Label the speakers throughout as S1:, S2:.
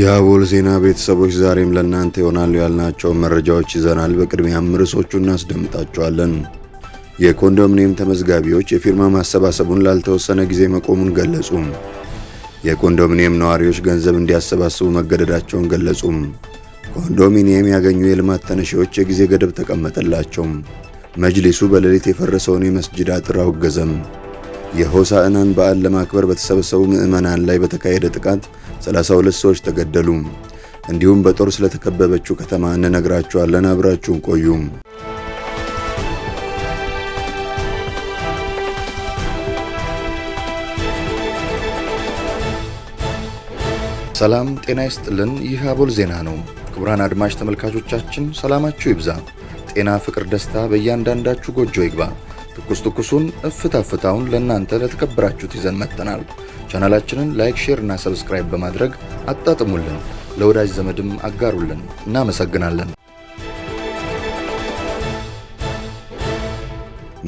S1: የአቦል ዜና ቤተሰቦች ዛሬም ለእናንተ ይሆናሉ ያልናቸው መረጃዎች ይዘናል። በቅድሚያም ርዕሶቹ እናስደምጣቸዋለን። የኮንዶሚኒየም ተመዝጋቢዎች የፊርማ ማሰባሰቡን ላልተወሰነ ጊዜ መቆሙን ገለጹ። የኮንዶሚኒየም ነዋሪዎች ገንዘብ እንዲያሰባስቡ መገደዳቸውን ገለጹም። ኮንዶሚኒየም ያገኙ የልማት ተነሺዎች የጊዜ ገደብ ተቀመጠላቸው። መጅሊሱ በሌሊት የፈረሰውን የመስጅድ አጥር አወገዘም። የሆሳዕናን በዓል ለማክበር በተሰበሰቡ ምዕመናን ላይ በተካሄደ ጥቃት 32 ሰዎች ተገደሉ። እንዲሁም በጦር ስለተከበበችው ከተማ እንነግራችኋለን። አብራችሁን ቆዩ።
S2: ሰላም ጤና ይስጥልን። ይህ አቦል ዜና ነው። ክቡራን አድማጭ ተመልካቾቻችን ሰላማችሁ ይብዛ፣ ጤና፣ ፍቅር፣ ደስታ በእያንዳንዳችሁ ጎጆ ይግባ። ትኩስ ትኩሱን እፍታ ፍታውን ለእናንተ ለተከበራችሁት ይዘን መጥተናል። ቻናላችንን ላይክ፣ ሼር እና ሰብስክራይብ በማድረግ አጣጥሙልን፣ ለወዳጅ ዘመድም አጋሩልን። እናመሰግናለን።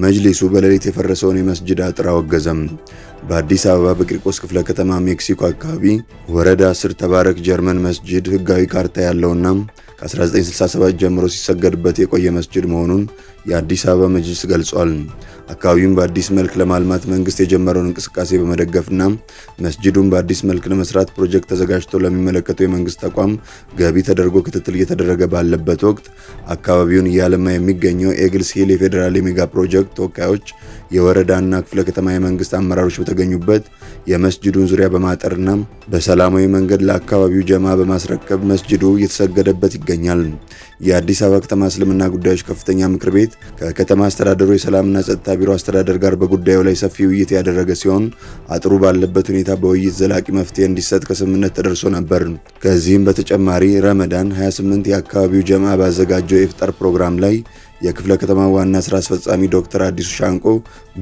S1: መጅሊሱ በሌሊት የፈረሰውን የመስጅድ አጥር አወገዘም። በአዲስ አበባ በቂርቆስ ክፍለ ከተማ ሜክሲኮ አካባቢ ወረዳ ስር ተባረክ ጀርመን መስጅድ ህጋዊ ካርታ ያለውና ከ1967 ጀምሮ ሲሰገድበት የቆየ መስጅድ መሆኑን የአዲስ አበባ መጅሊስ ገልጿል። አካባቢውን በአዲስ መልክ ለማልማት መንግስት የጀመረውን እንቅስቃሴ በመደገፍና መስጅዱን በአዲስ መልክ ለመስራት ፕሮጀክት ተዘጋጅቶ ለሚመለከተው የመንግስት ተቋም ገቢ ተደርጎ ክትትል እየተደረገ ባለበት ወቅት አካባቢውን እያለማ የሚገኘው ኤግልስ ሂል የፌዴራል የሜጋ ፕሮጀክት ተወካዮች፣ የወረዳና ክፍለ ከተማ የመንግስት አመራሮች በተገኙበት የመስጅዱን ዙሪያ በማጠርና በሰላማዊ መንገድ ለአካባቢው ጀማ በማስረከብ መስጅዱ እየተሰገደበት ይገኛል። የአዲስ አበባ ከተማ እስልምና ጉዳዮች ከፍተኛ ምክር ቤት ከከተማ አስተዳደሩ የሰላምና ጸጥታ ቢሮ አስተዳደር ጋር በጉዳዩ ላይ ሰፊ ውይይት ያደረገ ሲሆን አጥሩ ባለበት ሁኔታ በውይይት ዘላቂ መፍትሄ እንዲሰጥ ከስምምነት ተደርሶ ነበር። ከዚህም በተጨማሪ ረመዳን 28 የአካባቢው ጀማ ባዘጋጀው የኢፍጣር ፕሮግራም ላይ የክፍለ ከተማ ዋና ስራ አስፈጻሚ ዶክተር አዲሱ ሻንቆ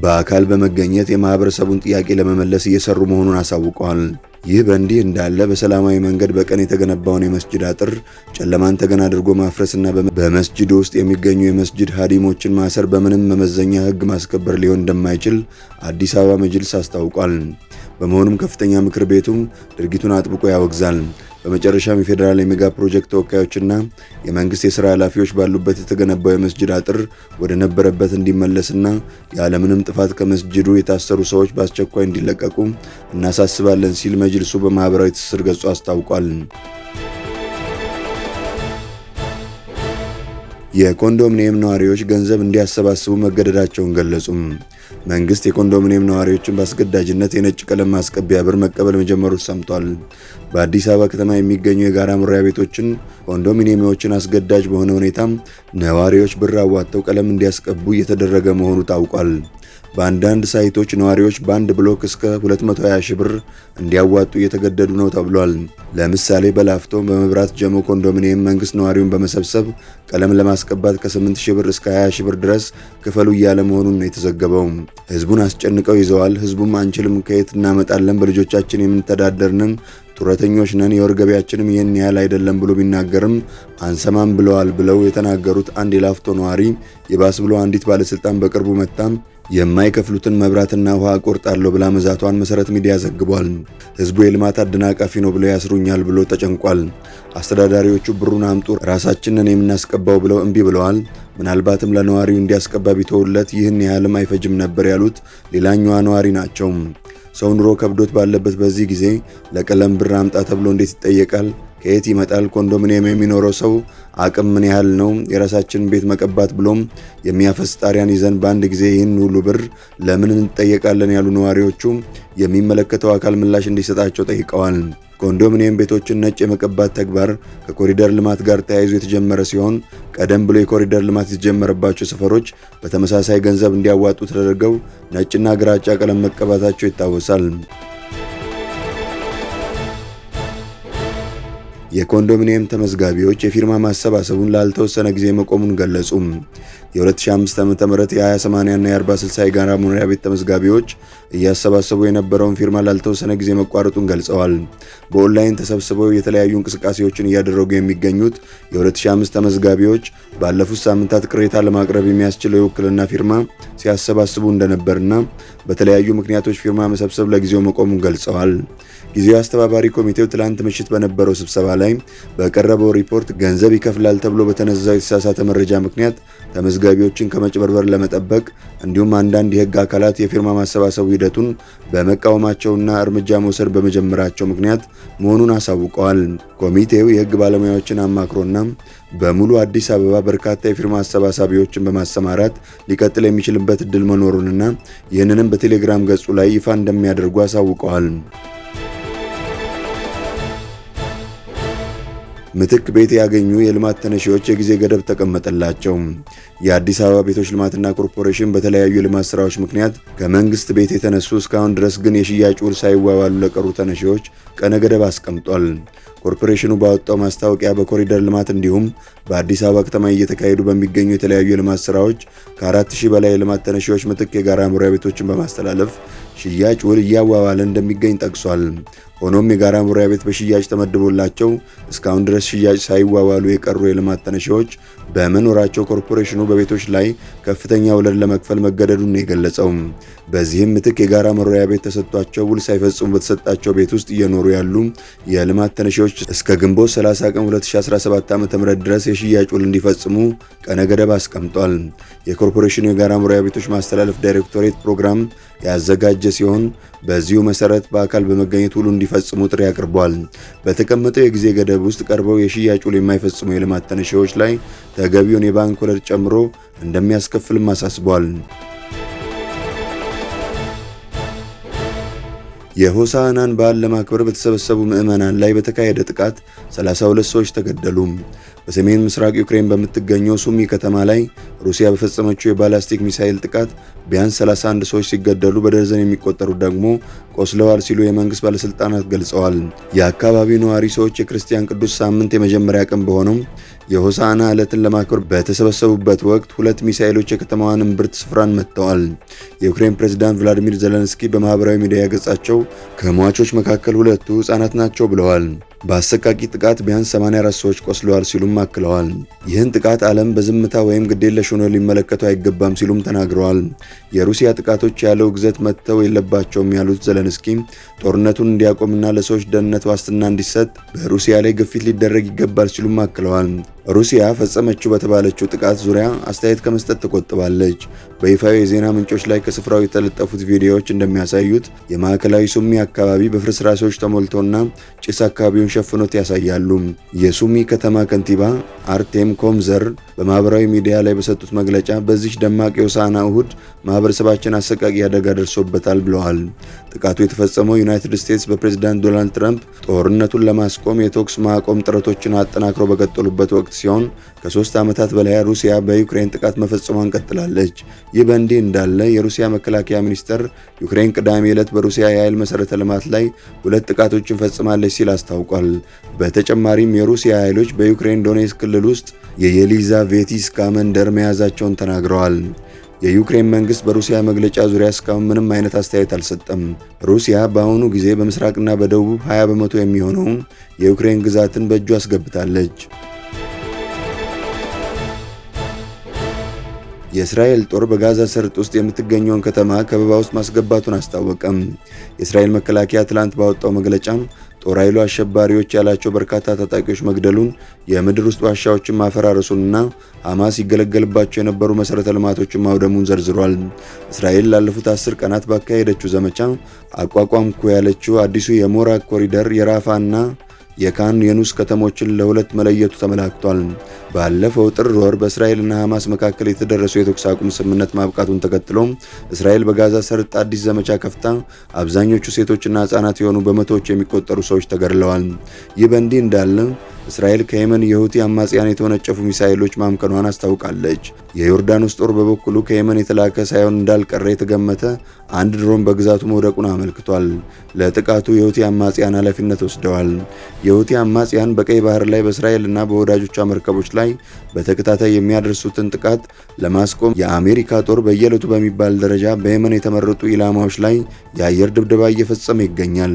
S1: በአካል በመገኘት የማህበረሰቡን ጥያቄ ለመመለስ እየሰሩ መሆኑን አሳውቀዋል። ይህ በእንዲህ እንዳለ በሰላማዊ መንገድ በቀን የተገነባውን የመስጅድ አጥር ጨለማን ተገን አድርጎ ማፍረስና በመስጅድ ውስጥ የሚገኙ የመስጅድ ሀዲሞችን ማሰር በምንም መመዘኛ ህግ ማስከበር ሊሆን እንደማይችል አዲስ አበባ መጅልስ አስታውቋል። በመሆኑም ከፍተኛ ምክር ቤቱ ድርጊቱን አጥብቆ ያወግዛል። በመጨረሻም የፌዴራል የሜጋ ፕሮጀክት ተወካዮችና የመንግስት የስራ ኃላፊዎች ባሉበት የተገነባው የመስጅድ አጥር ወደ ነበረበት እንዲመለስና ያለምንም ጥፋት ከመስጅዱ የታሰሩ ሰዎች በአስቸኳይ እንዲለቀቁ እናሳስባለን ሲል መጅልሱ በማህበራዊ ትስስር ገጹ አስታውቋል። የኮንዶሚኒየም ነዋሪዎች ገንዘብ እንዲያሰባስቡ መገደዳቸውን ገለጹም። መንግስት የኮንዶሚኒየም ነዋሪዎችን በአስገዳጅነት የነጭ ቀለም ማስቀቢያ ብር መቀበል መጀመሩ ሰምቷል። በአዲስ አበባ ከተማ የሚገኙ የጋራ መኖሪያ ቤቶችን፣ ኮንዶሚኒየሞችን አስገዳጅ በሆነ ሁኔታ ነዋሪዎች ብር አዋጥተው ቀለም እንዲያስቀቡ እየተደረገ መሆኑ ታውቋል። በአንዳንድ ሳይቶች ነዋሪዎች በአንድ ብሎክ እስከ 220 ሺህ ብር እንዲያዋጡ እየተገደዱ ነው ተብሏል። ለምሳሌ በላፍቶ በመብራት ጀሞ ኮንዶሚኒየም መንግስት ነዋሪውን በመሰብሰብ ቀለም ለማስቀባት ከ8 ሺህ ብር እስከ 20 ሺህ ብር ድረስ ክፈሉ እያለ መሆኑን ነው የተዘገበው። ህዝቡን አስጨንቀው ይዘዋል። ህዝቡም አንችልም፣ ከየት እናመጣለን፣ በልጆቻችን የምንተዳደርንም ጡረተኞች ነን፣ የወር ገቢያችንም ይህን ያህል አይደለም ብሎ ቢናገርም አንሰማም ብለዋል ብለው የተናገሩት አንድ የላፍቶ ነዋሪ የባስ ብሎ አንዲት ባለስልጣን በቅርቡ መጣም የማይከፍሉትን መብራትና ውሃ ቆርጣለሁ ብላ መዛቷን መሰረት ሚዲያ ዘግቧል። ህዝቡ የልማት አደናቃፊ ነው ብለው ያስሩኛል ብሎ ተጨንቋል። አስተዳዳሪዎቹ ብሩን አምጡ ራሳችንን የምናስቀባው ብለው እምቢ ብለዋል። ምናልባትም ለነዋሪው እንዲያስቀባ ቢተውለት ይህን ያህልም አይፈጅም ነበር ያሉት ሌላኛዋ ነዋሪ ናቸው። ሰው ኑሮ ከብዶት ባለበት በዚህ ጊዜ ለቀለም ብር አምጣ ተብሎ እንዴት ይጠየቃል? ከየት ይመጣል? ኮንዶሚኒየም የሚኖረው ሰው አቅም ምን ያህል ነው? የራሳችን ቤት መቀባት ብሎም የሚያፈስ ጣሪያን ይዘን በአንድ ጊዜ ይህን ሁሉ ብር ለምን እንጠየቃለን? ያሉ ነዋሪዎቹ የሚመለከተው አካል ምላሽ እንዲሰጣቸው ጠይቀዋል። ኮንዶሚኒየም ቤቶችን ነጭ የመቀባት ተግባር ከኮሪደር ልማት ጋር ተያይዞ የተጀመረ ሲሆን ቀደም ብሎ የኮሪደር ልማት የተጀመረባቸው ሰፈሮች በተመሳሳይ ገንዘብ እንዲያዋጡ ተደርገው ነጭና ግራጫ ቀለም መቀባታቸው ይታወሳል። የኮንዶሚኒየም ተመዝጋቢዎች የፊርማ ማሰባሰቡን ላልተወሰነ ጊዜ መቆሙን ገለጹ። የ2005 ዓ.ም የ 20 የ 46 የጋራ መኖሪያ ቤት ተመዝጋቢዎች እያሰባሰቡ የነበረውን ፊርማ ላልተወሰነ ጊዜ መቋረጡን ገልጸዋል። በኦንላይን ተሰብስበው የተለያዩ እንቅስቃሴዎችን እያደረጉ የሚገኙት የ2005 ተመዝጋቢዎች ባለፉት ሳምንታት ቅሬታ ለማቅረብ የሚያስችለው የውክልና ፊርማ ሲያሰባስቡ እንደነበርና በተለያዩ ምክንያቶች ፊርማ መሰብሰብ ለጊዜው መቆሙን ገልጸዋል። ጊዜያዊ አስተባባሪ ኮሚቴው ትላንት ምሽት በነበረው ስብሰባ ላይ በቀረበው ሪፖርት ገንዘብ ይከፍላል ተብሎ በተነዛው የተሳሳተ መረጃ ምክንያት ተመዝጋቢዎችን ከመጭበርበር ለመጠበቅ እንዲሁም አንዳንድ የህግ አካላት የፊርማ ማሰባሰቡ ሂደቱን በመቃወማቸውና እርምጃ መውሰድ በመጀመራቸው ምክንያት መሆኑን አሳውቀዋል። ኮሚቴው የህግ ባለሙያዎችን አማክሮና በሙሉ አዲስ አበባ በርካታ የፊርማ አሰባሳቢዎችን በማሰማራት ሊቀጥል የሚችልበት እድል መኖሩንና ይህንንም በቴሌግራም ገጹ ላይ ይፋ እንደሚያደርጉ አሳውቀዋል። ምትክ ቤት ያገኙ የልማት ተነሺዎች የጊዜ ገደብ ተቀመጠላቸው። የአዲስ አበባ ቤቶች ልማትና ኮርፖሬሽን በተለያዩ የልማት ስራዎች ምክንያት ከመንግስት ቤት የተነሱ እስካሁን ድረስ ግን የሽያጭ ውል ሳይዋዋሉ ለቀሩ ተነሺዎች ቀነ ገደብ አስቀምጧል። ኮርፖሬሽኑ ባወጣው ማስታወቂያ በኮሪደር ልማት እንዲሁም በአዲስ አበባ ከተማ እየተካሄዱ በሚገኙ የተለያዩ የልማት ስራዎች ከ4000 በላይ የልማት ተነሺዎች ምትክ የጋራ መኖሪያ ቤቶችን በማስተላለፍ ሽያጭ ውል እያዋዋለ እንደሚገኝ ጠቅሷል። ሆኖም የጋራ መኖሪያ ቤት በሽያጭ ተመድቦላቸው እስካሁን ድረስ ሽያጭ ሳይዋዋሉ የቀሩ የልማት ተነሺዎች በመኖራቸው ኮርፖሬሽኑ በቤቶች ላይ ከፍተኛ ወለድ ለመክፈል መገደዱን የገለጸው በዚህም ምትክ የጋራ መኖሪያ ቤት ተሰጥቷቸው ውል ሳይፈጽሙ በተሰጣቸው ቤት ውስጥ እየኖሩ ያሉ የልማት ተነሺዎች ድርጅቶች እስከ ግንቦት 30 ቀን 2017 ዓ.ም ድረስ የሽያጭ ውል እንዲፈጽሙ ቀነ ገደብ አስቀምጧል። የኮርፖሬሽኑ የጋራ መኖሪያ ቤቶች ማስተላለፍ ዳይሬክቶሬት ፕሮግራም ያዘጋጀ ሲሆን በዚሁ መሰረት በአካል በመገኘት ውሉ እንዲፈጽሙ ጥሪ አቅርቧል። በተቀመጠው የጊዜ ገደብ ውስጥ ቀርበው የሽያጭ ውል የማይፈጽሙ የልማት ተነሺዎች ላይ ተገቢውን የባንክ ወለድ ጨምሮ እንደሚያስከፍልም አሳስቧል። የሆሳዕናን በዓል ለማክበር በተሰበሰቡ ምዕመናን ላይ በተካሄደ ጥቃት 32 ሰዎች ተገደሉም። በሰሜን ምስራቅ ዩክሬን በምትገኘው ሱሚ ከተማ ላይ ሩሲያ በፈጸመችው የባላስቲክ ሚሳኤል ጥቃት ቢያንስ 31 ሰዎች ሲገደሉ በደርዘን የሚቆጠሩት ደግሞ ቆስለዋል ሲሉ የመንግስት ባለስልጣናት ገልጸዋል። የአካባቢው ነዋሪ ሰዎች የክርስቲያን ቅዱስ ሳምንት የመጀመሪያ ቀን በሆነው የሆሳና ዕለትን ለማክበር በተሰበሰቡበት ወቅት ሁለት ሚሳኤሎች የከተማዋን እምብርት ስፍራን መጥተዋል። የዩክሬን ፕሬዝዳንት ቭላዲሚር ዘለንስኪ በማህበራዊ ሚዲያ ገጻቸው ከሟቾች መካከል ሁለቱ ህጻናት ናቸው ብለዋል። በአሰቃቂ ጥቃት ቢያንስ 84 ሰዎች ቆስለዋል ሲሉም አክለዋል። ይህን ጥቃት ዓለም በዝምታ ወይም ግዴለሽ ሆኖ ሊመለከቱ አይገባም ሲሉም ተናግረዋል። የሩሲያ ጥቃቶች ያለው ግዘት መጥተው የለባቸውም ያሉት ዘለንስኪ ጦርነቱን እንዲያቆምና ለሰዎች ደህንነት ዋስትና እንዲሰጥ በሩሲያ ላይ ግፊት ሊደረግ ይገባል ሲሉም አክለዋል። ሩሲያ ፈጸመችው በተባለችው ጥቃት ዙሪያ አስተያየት ከመስጠት ተቆጥባለች። በይፋዊ የዜና ምንጮች ላይ ከስፍራው የተለጠፉት ቪዲዮዎች እንደሚያሳዩት የማዕከላዊ ሱሚ አካባቢ በፍርስራሾች ተሞልቶና ጭስ አካባቢውን ሸፍኖት ያሳያሉ። የሱሚ ከተማ ከንቲባ አርቴም ኮምዘር በማህበራዊ ሚዲያ ላይ በሰጡት መግለጫ በዚህ ደማቅ የሆሳዕና እሁድ ማህበረሰባችን አሰቃቂ አደጋ ደርሶበታል ብለዋል። ጥቃቱ የተፈጸመው ዩናይትድ ስቴትስ በፕሬዝዳንት ዶናልድ ትራምፕ ጦርነቱን ለማስቆም የተኩስ ማቆም ጥረቶችን አጠናክረው በቀጠሉበት ወቅት ወቅት ሲሆን ከሶስት ዓመታት በላይ ሩሲያ በዩክሬን ጥቃት መፈጸሟን ቀጥላለች። ይህ በእንዲህ እንዳለ የሩሲያ መከላከያ ሚኒስቴር ዩክሬን ቅዳሜ ዕለት በሩሲያ የኃይል መሠረተ ልማት ላይ ሁለት ጥቃቶችን ፈጽማለች ሲል አስታውቋል። በተጨማሪም የሩሲያ ኃይሎች በዩክሬን ዶኔስ ክልል ውስጥ የየሊዛቬቲስካ መንደር መያዛቸውን ተናግረዋል። የዩክሬን መንግስት በሩሲያ መግለጫ ዙሪያ እስካሁን ምንም አይነት አስተያየት አልሰጠም። ሩሲያ በአሁኑ ጊዜ በምስራቅና በደቡብ 20 በመቶ የሚሆነውን የዩክሬን ግዛትን በእጁ አስገብታለች። የእስራኤል ጦር በጋዛ ሰርጥ ውስጥ የምትገኘውን ከተማ ከበባ ውስጥ ማስገባቱን አስታወቀም። የእስራኤል መከላከያ ትላንት ባወጣው መግለጫ ጦር ኃይሉ አሸባሪዎች ያላቸው በርካታ ታጣቂዎች መግደሉን፣ የምድር ውስጥ ዋሻዎችን ማፈራረሱንና ሐማስ ይገለገልባቸው የነበሩ መሠረተ ልማቶችን ማውደሙን ዘርዝሯል። እስራኤል ላለፉት አስር ቀናት ባካሄደችው ዘመቻ አቋቋምኩ ያለችው አዲሱ የሞራ ኮሪደር የራፋና የካን የኑስ ከተሞችን ለሁለት መለየቱ ተመላክቷል። ባለፈው ጥር ወር በእስራኤልና ሐማስ መካከል የተደረሰው የተኩስ አቁም ስምምነት ማብቃቱን ተከትሎ እስራኤል በጋዛ ሰርጥ አዲስ ዘመቻ ከፍታ አብዛኞቹ ሴቶችና ሕፃናት የሆኑ በመቶዎች የሚቆጠሩ ሰዎች ተገድለዋል። ይህ በእንዲህ እንዳለ እስራኤል ከየመን የሁቲ አማጽያን የተወነጨፉ ሚሳኤሎች ማምከኗን አስታውቃለች። የዮርዳኖስ ጦር በበኩሉ ከየመን የተላከ ሳይሆን እንዳልቀረ የተገመተ አንድ ድሮን በግዛቱ መውደቁን አመልክቷል። ለጥቃቱ የሁቲ አማጽያን ኃላፊነት ወስደዋል። የሁቲ አማጽያን በቀይ ባህር ላይ በእስራኤል እና በወዳጆቿ መርከቦች ላይ በተከታታይ የሚያደርሱትን ጥቃት ለማስቆም የአሜሪካ ጦር በየዕለቱ በሚባል ደረጃ በየመን የተመረጡ ኢላማዎች ላይ የአየር ድብደባ እየፈጸመ ይገኛል።